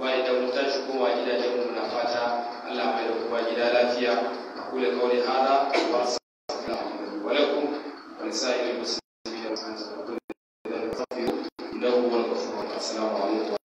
bayan da mutan shi kowa gidajen mu na fata Allah mai da kowa gida lafiya a kula kawai hada wa salamu alaikum wa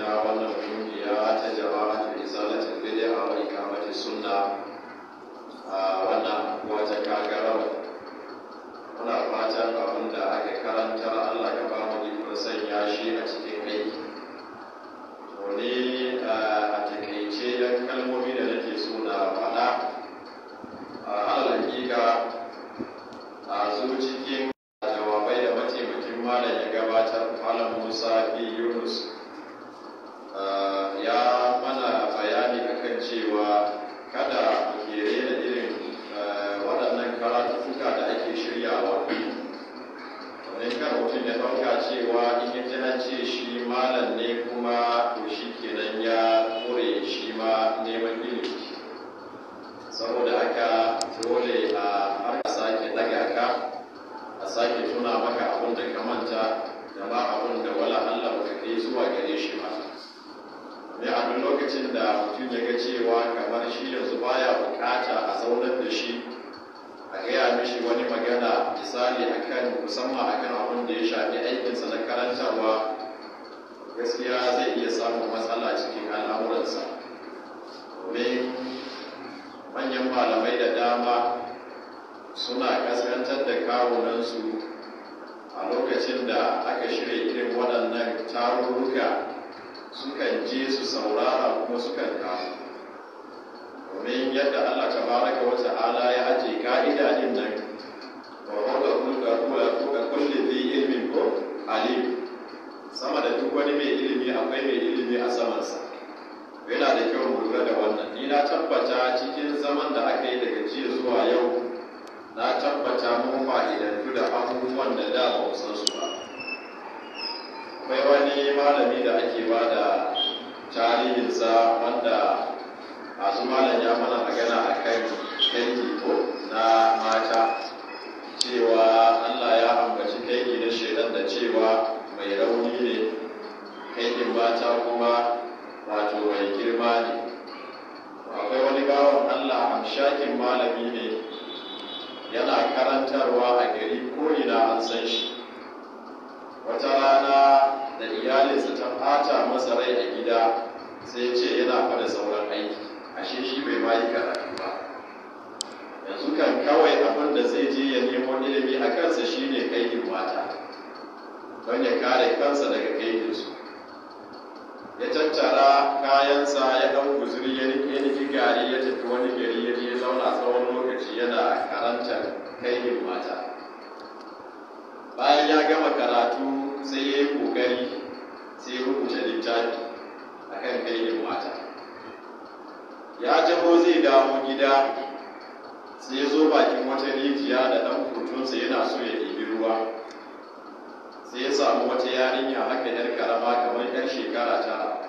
na wannan kungiya ta jama'atul risalatul bid'a wa iqamatis sunna a wannan wata kagara muna fatan a suna kaskantar da kawunansu a lokacin da aka shirya irin waɗannan tarurruka sukan je su saurara kuma sukan kawo domin yadda allah tabaraka wata ta'ala ya ajiye ka'ida din nan wa huwa kullu kullu kulli zai ilimi ko alim sama da duk wani mai ilimi akwai mai ilimi a samansa yana da kyau mu lura da wannan ni na tabbata cikin zaman da aka yi daga jiya zuwa yau na tabbata mun fa'idantu da abubuwan da da ba san su ba akwai wani malami da ake ba da tarihinsa wanda masu malam ya mana magana a kan kai, ko na mata cewa allah ya ambaci kai na shaidan da cewa mai rauni ne dangin mata kuma wato mai girma ne akwai wani bawan allah amshakin malami ne yana karantarwa a gari ko ina an san shi wata rana da iyalinsa ta fata masa rai a gida sai ce yana fada sauran aiki ashe shi bai ma yi karatu ba yanzu kan kawai abin da zai je ya nemo ilimi a kansa shi shine kaidin mata don ya kare kansa daga kaidinsu ya tattara kayansa ya ɗan guzuri ya nufi gari ya tafi wani gari ya je zauna tsawon lokaci yana karantar kaibin mata bayan ya gama karatu sai ya yi ƙoƙari sai ya rubuta littafi a kan kaibin mata ya jabo zai dawo gida sai ya zo bakin wata rijiya da ɗan hutunsa yana so ya ɗibi ruwa sai ya samu wata yarinya haka yar karama kamar 'yan shekara ta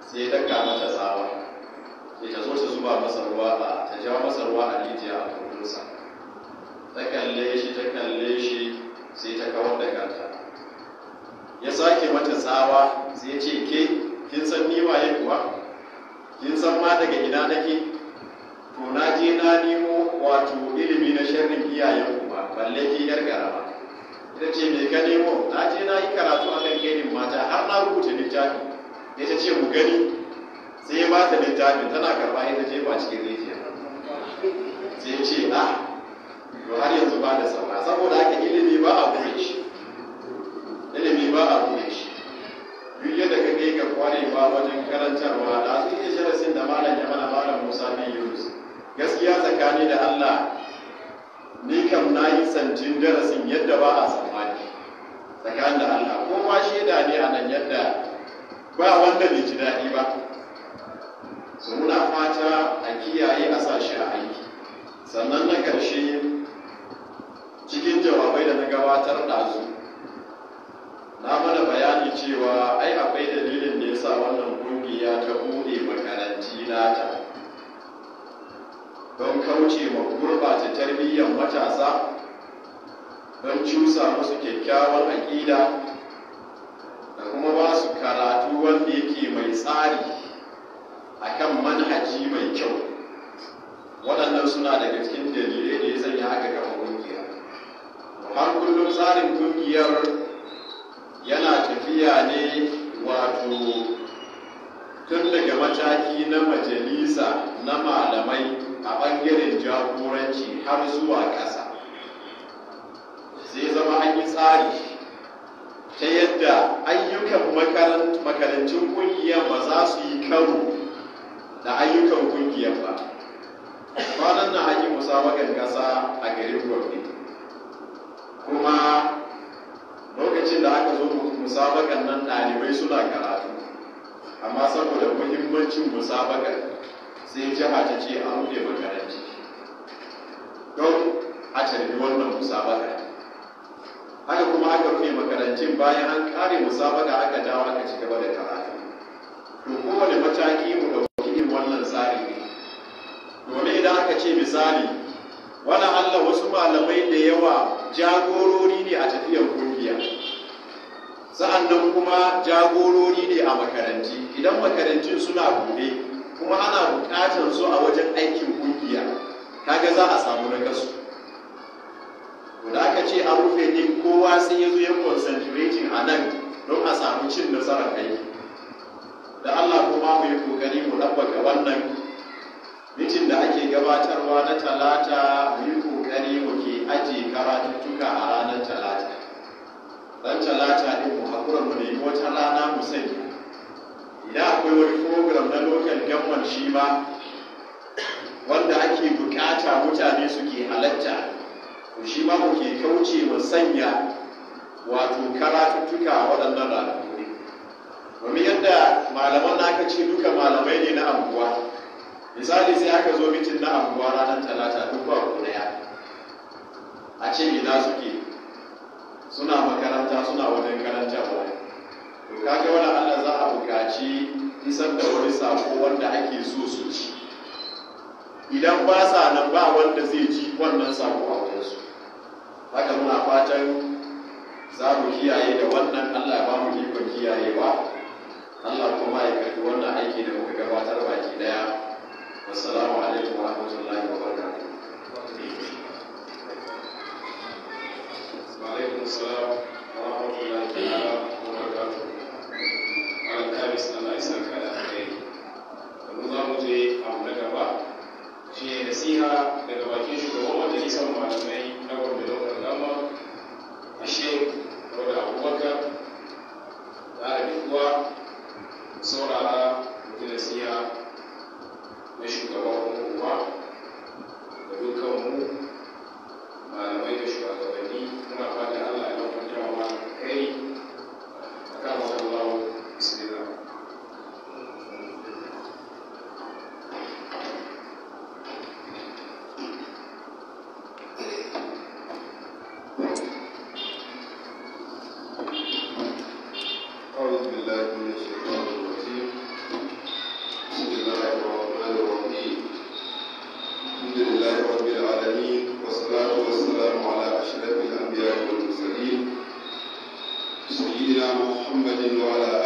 sai ya daga mata tsawa ya ta zo ta zuba masa ruwa a ta ja masa ruwa a rijiya a turbinsa ta kalle shi ta kalle shi sai ta kawar da kanta ya sake mata tsawa sai ce ke kin san ni waye kuwa kin san ma daga ina nake to na je na nemo wato ilimi na sharrin iyayen kuma balle ki yar garama ita ce me ka nemo na je na yi karatu akan kainin mata har na rubuta littafi ita ce mu gani sai ya ba ta littafin tana karba ita ce ba cikin rijiya sai ya ce a ah, to har yanzu ba da saura saboda haka ilimi ba a buɗe shi ilimi ba a buɗe shi duk yadda ka kai ga ba wajen karantarwa da su iya sin da malam ya mana malam musa bin yunus gaskiya tsakani da allah ni kam na yi santin darasin yadda ba a tsammani tsakanin da allah ko ma shaida ne a nan yadda ba wanda bai ji daɗi ba su muna fata a kiyaye a sa shi a aiki sannan na ƙarshe cikin jawabai da na gabatar ɗazu na mana bayani cewa ai akwai dalilin da ya sa wannan ƙungiya ta buɗe makaranti nata don kauce ma gurɓata tarbiyyar matasa don cusa musu kyakkyawan aƙida da kuma ba su karatu wanda yake mai tsari akan manhaji mai kyau waɗannan suna daga cikin dalilai da ya sanya haka ga ƙungiya har kullum tsarin ƙungiyar yana tafiya ne wato tun daga mataki na majalisa na malamai a ɓangaren jagoranci har zuwa ƙasa zai zama an yi tsari ta yadda ayyukan makarantun ƙungiyar ba za su yi karo da ayyukan kungiyar ba kwanan na an yi musabakan gasa a garin gwamnati kuma lokacin da aka zo musabakan nan ɗalibai suna karatu amma saboda muhimmancin musabakan sai jiha ta ce an buɗe makaranti don a tarbi wannan musabaka haka kuma aka rufe makarantun bayan an ƙare musabaka aka dawo aka ci gaba da karatu to kowane mataki mu idan aka ce misali wani allah wasu malamai da yawa jagorori ne a tafiyar kungiya sa'annan kuma jagorori ne a makaranti idan makarantun suna gobe kuma ana bukatar su a wajen aikin kungiya kaga za a samu nakasu da aka ce a rufe ne kowa sai ya zo ya a nan don a samu cin nasarar aiki da allah kuma mu yi kokari mu ɗabbaka wannan mitin da ake gabatarwa na talata yi kokari ke ajiye karatuttuka a ranar talata ɗan talata ne mu hakura mu nemi wata rana mu sanya, idan akwai wani program na local gamman shi ma wanda ake bukata mutane suke halatta to shi ma muke kauce mu sanya wato karatuttuka waɗannan ranaku domin yadda malaman na ka ce duka malamai ne na anguwa misali sai aka zo mitin na anguwa ranar talata duk ba ku daya a ce ina suke suna makaranta suna wajen karanta ba to kaga wani allah za a buƙaci isar da wani sako wanda ake so su ci idan ba sa nan ba wanda zai ci wannan sako a wajensu haka muna fatan za mu kiyaye da wannan allah ba mu ikon ba. allah kuma ya karbi wannan aiki da muka gabatar baki daya wassalamu alaikum wa na nasiha daga bakin shugaban majalisar malamai na da gama a shek da abubakar kuwa saurara mutum na shugaban hukuma da dukkan mu malamai da shugabanni muna fata Allah ya kwanta wa kai a kan wajen lawo islam محمد على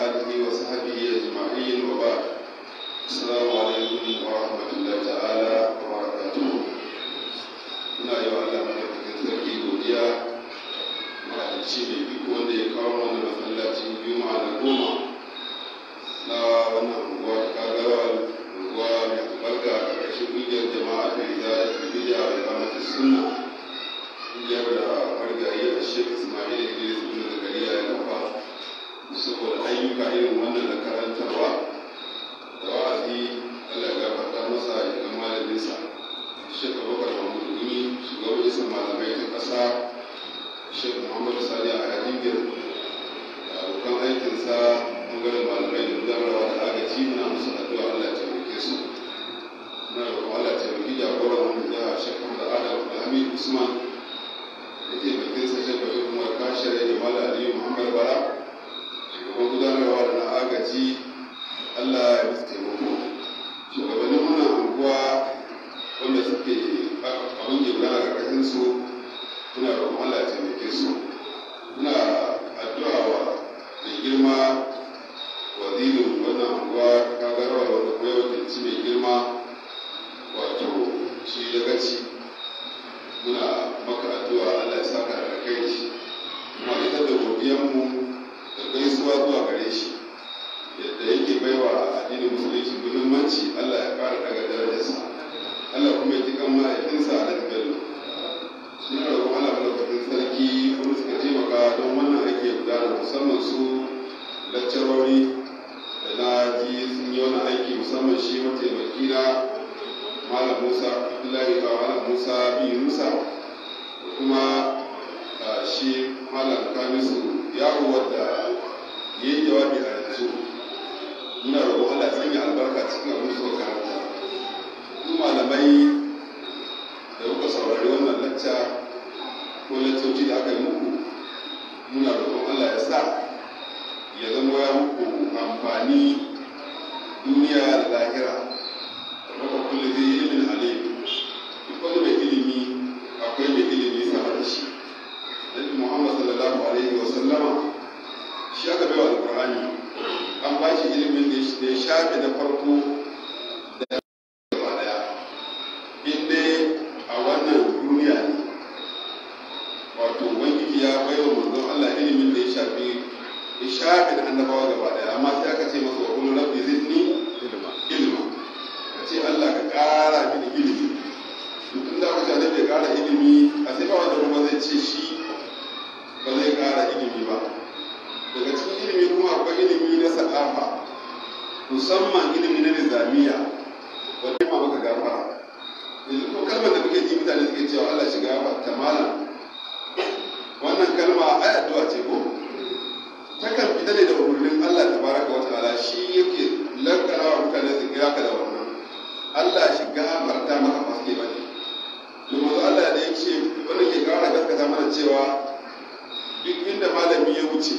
girma wazirin wannan anguwa ta garwa wanda kuma ya wakilci mai girma wato shi dagaci muna maka addu'a Allah ya saka da kai shi kuma ita da godiyanmu da gaisuwa zuwa ga ya bai wa manzon Allah ilimin da ya shafi ya shafi da annabawa gaba daya amma sai aka ce masa wa kullu rabbi zidni ilma ka ce Allah ka kara mini ilimi duk da aka ce annabi kara ilimi a sai ba wanda kuma zai ce shi ba zai kara ilimi ba daga cikin ilimi kuma akwai ilimi na sa'afa musamman ilimi na nizamiya wanda ma maka gafara yanzu ko kalmar da muke ji mutane suke cewa Allah shi gafarta malam wannan kalma aya addu'a ce ko kan fita ne da umarnin Allah baraka wa ta'ala shi yake lankana wa mutane su kira ka da wannan Allah shi gafarta maka faske ba ne domin Allah da ya ce wani ke na gaskata mana cewa duk inda malami ya wuce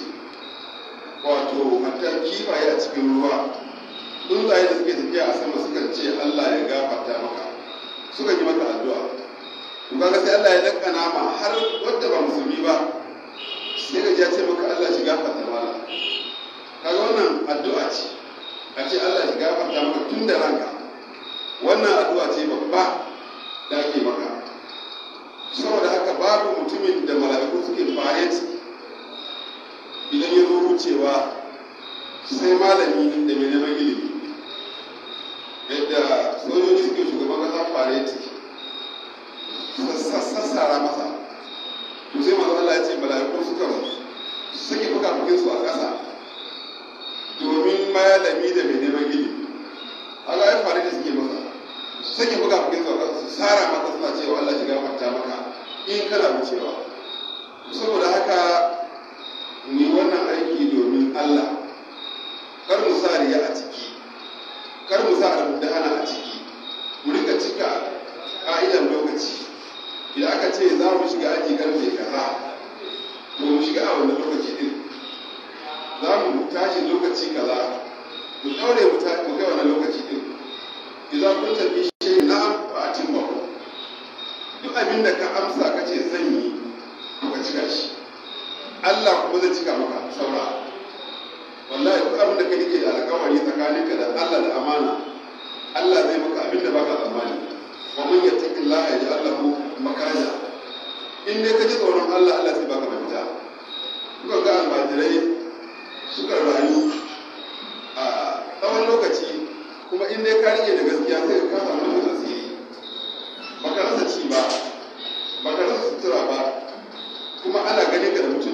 wato hatta kifaye a cikin ruwa tsuntsaye da suke tafiya a sama sukan ce Allah ya gafarta maka suka yi maka addu'a ba ga sai Allah ya lakana ma har wanda ba musulmi ba sai ga ya ce maka Allah shi gafarta mala kaga wannan addu'a ce a ce Allah shi gafarta maka tun da ranka wannan addu'a ce babba da ake maka saboda haka babu mutumin da mala'iku suke fayyace idan ya zo wucewa sai malami da mai neman ilimi yadda sojoji suke shugaban kasa fareti sassara masa to sai manzo Allah ya ce mala'iku suka sake fukafukin su a ƙasa domin malami da mai neman ilimi Allah ya faru da suke masa sake fukafukin su a ƙasa su sara masa suna cewa Allah shiga gafarta maka in kana cewa saboda haka ni wannan aiki domin Allah kar mu sa riya a ciki kar mu sa almudahana a ciki mu rika cika ka'idan lokaci idan aka ce za mu shiga aji karfe kaza to mu shiga a wannan lokaci din za mu tashi lokaci kaza mu daure mu kai wannan lokaci din idan kun tafi shi a fa atimma duk abin da ka amsa ka ce zan yi ka cika shi Allah kuma zai cika maka saura wallahi duk abin da ka rike da alƙawari tsakaninka da Allah da amana Allah zai maka abin da baka tsammani wa man yattaqillaha yaj'al lahu makaya in dai ka ji tsoron allah allah sai baka mafita kuka ga almajirai suka rayu a tsawon lokaci kuma in dai ka rike da gaskiya sai ka kama wani tasiri baka rasa ci ba baka sutura ba kuma ana ganin ka da mutum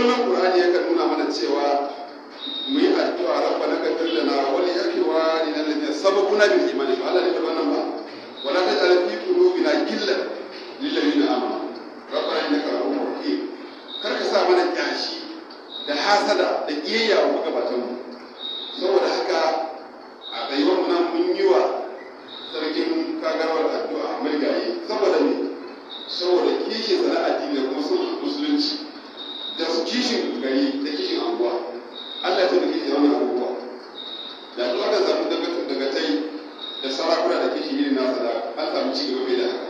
wannan qur'ani yakan nuna mana cewa mu yi addu'a rabbana kadir lana wa li ikhwanina alladhina sabaquna bil iman to Allah ne da wannan ba wala taj'al fi qulubina ghillan lil ladina amanu rabbana innaka ra'ufur rahim kar ka sa mana kyashi da hasada da kiyayya wa mu saboda haka a mu nan mun yi wa sarkin kagarwar addu'a mai gaye saboda ne saboda kishin sana'a da kuma sun kishin gari da kishin anguwa Allah ya zo da kishin wannan abubuwa da duk daga samu dagatai da sarakuna da kishi irin nasa da an samu cigaba mai da haka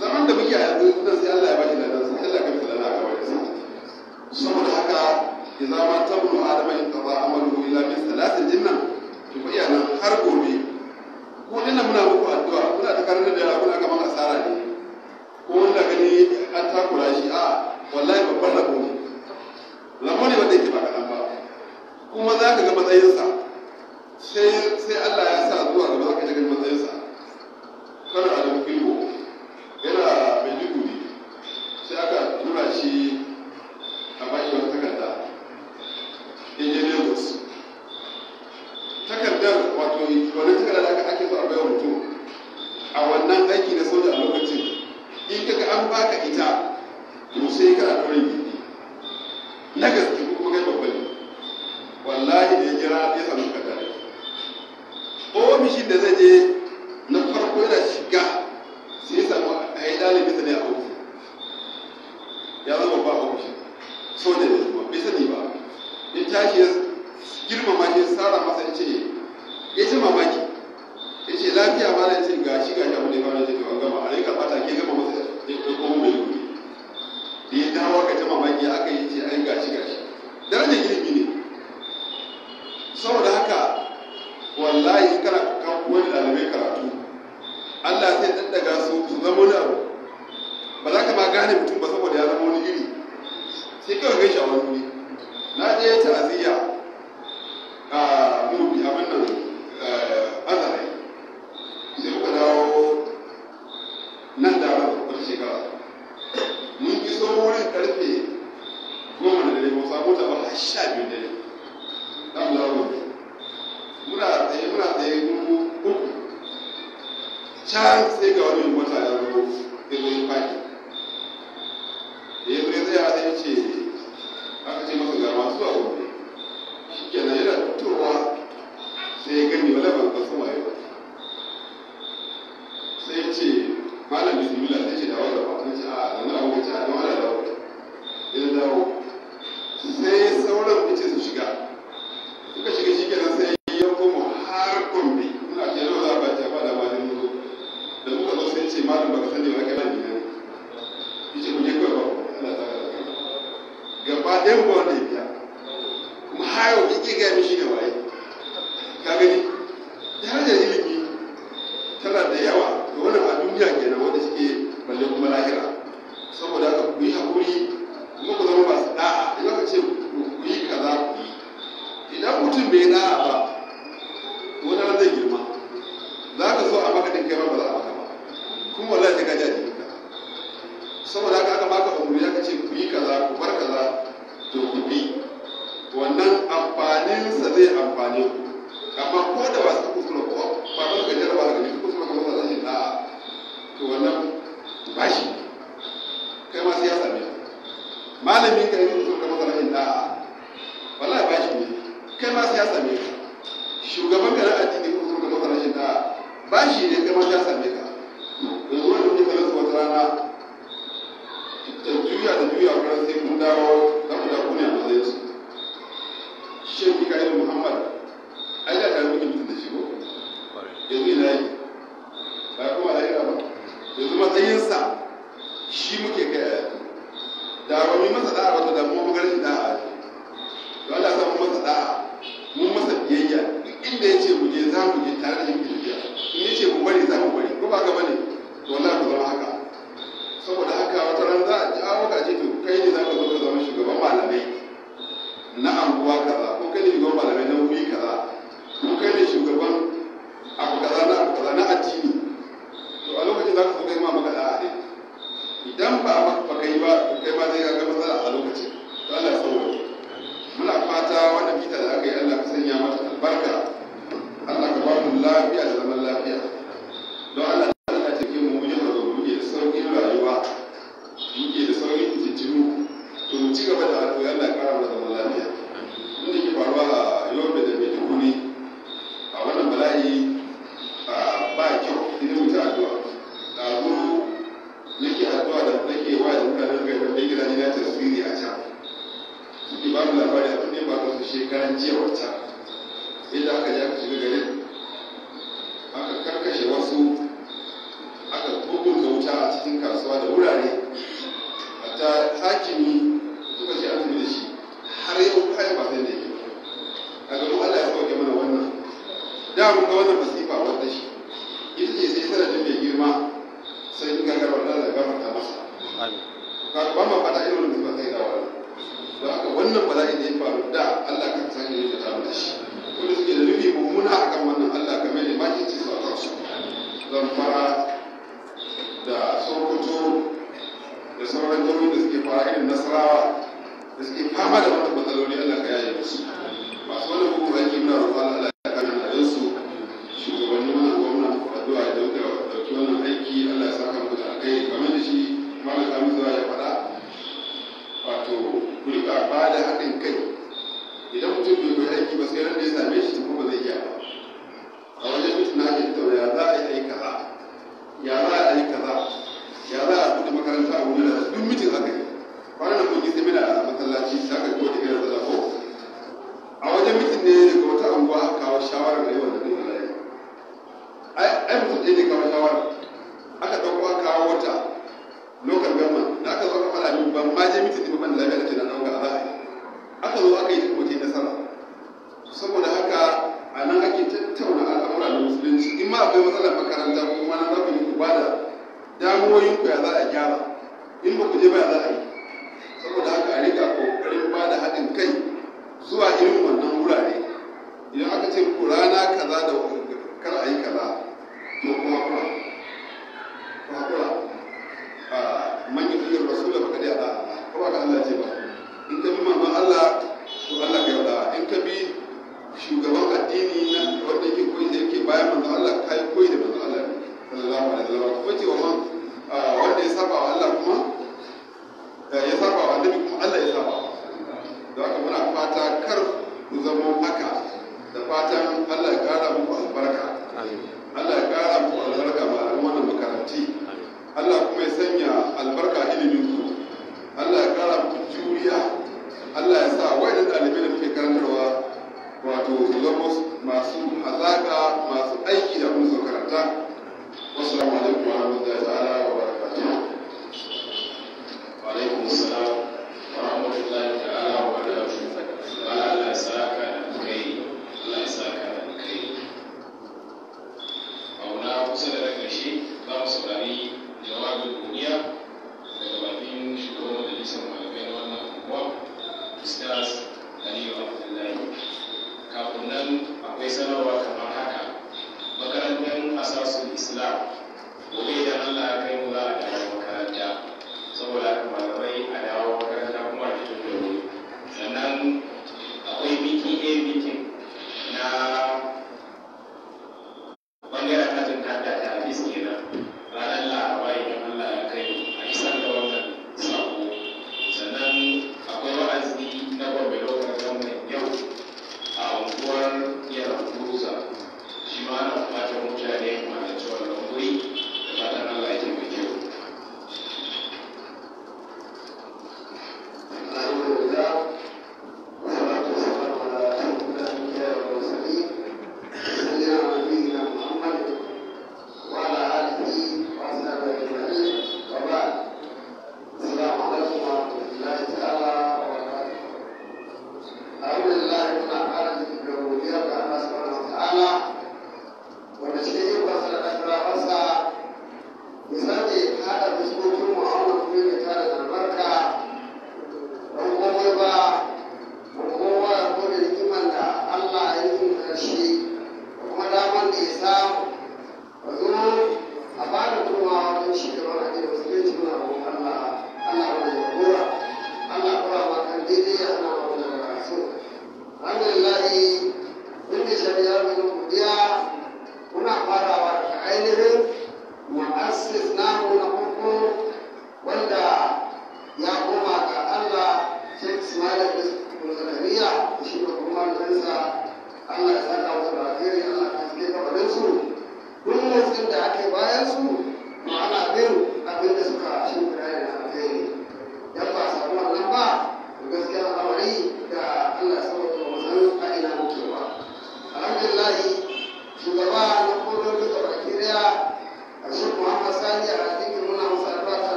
zaman da muke a yanzu nan sai Allah ya baki ladan sai Allah ya baki ladan a gaba da saboda haka idza ma tabnu adama in qada amaluhu illa min salatin jinnan to ba iya nan har gobe ko dinna muna muku addu'a kuna ta karanta da yara kuna kamar asara ne ko wanda gani an takura shi a wallahi babban rabo ne rabo ne wanda yake ba kaɗan ba kuma za ka ga matsayinsa sai Allah ya sa zuwa gaba za ka ga matsayinsa kana da wakilu saboda haka wallahi kana kan wani ɗalibai karatu Allah sai ɗan daga su su zama wani abu ba za ka ma gane mutum ba saboda ya zama wani iri sai kawai gaishe a wani wuri na je ta'aziyya Thank you. nasarawa da suke fama da wata matsaloli Allah ka yaye musu masu wani hukun ranki Allah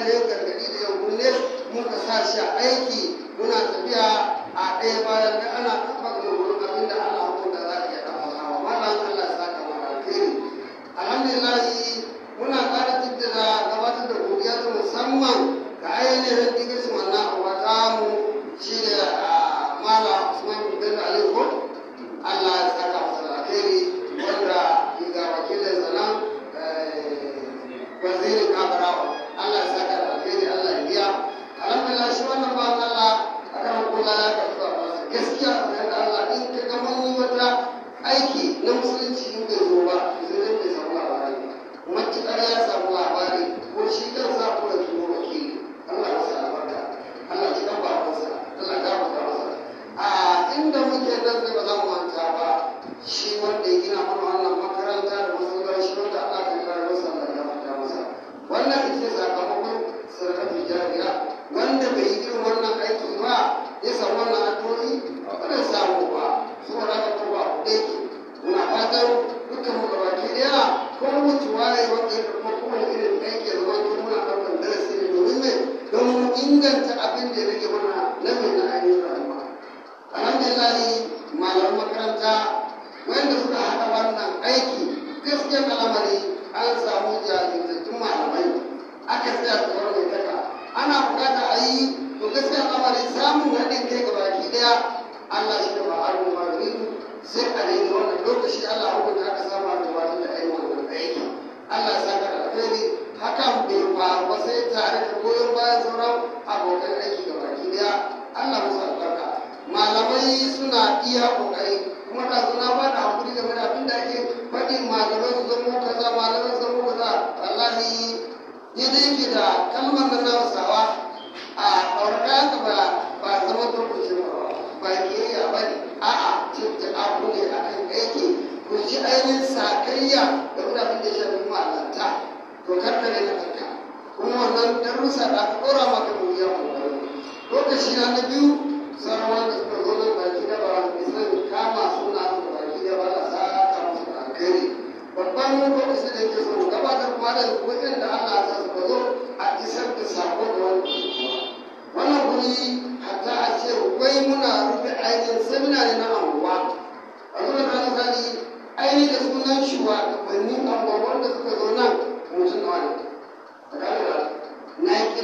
ne gargadi da ya gune muka sa shi aiki makaranta wanda suka haɗa wannan aiki gaskiyar al'amari an samu jajirtattun malamai aka tsaya tsawon mai daga ana bukata a yi to gaskiyar al'amari samun haɗin kai ga baki ɗaya allah shi da ba'ar mu sai a daidai wannan lokaci allah hukunta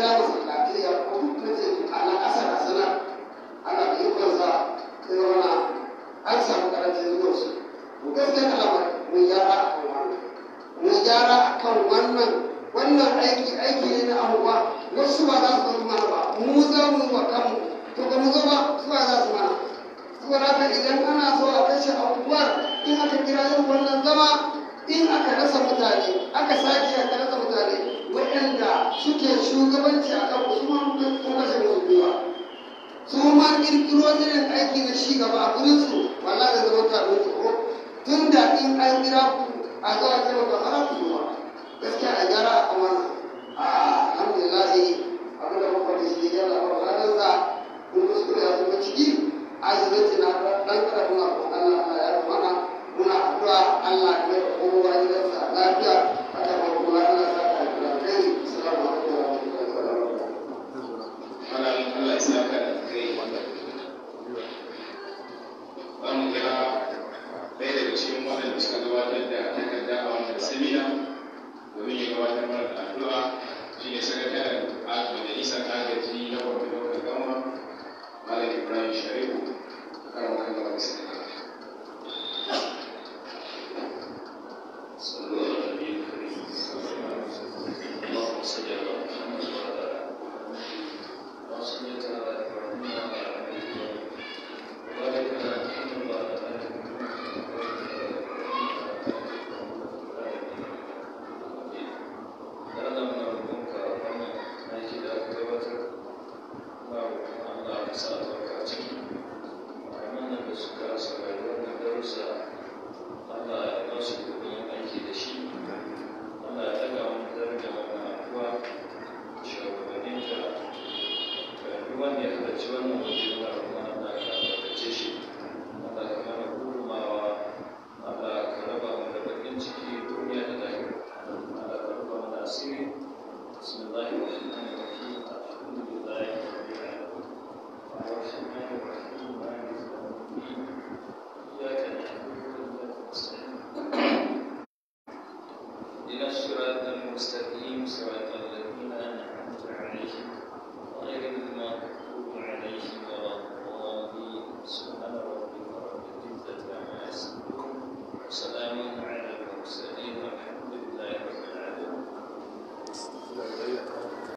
gracias.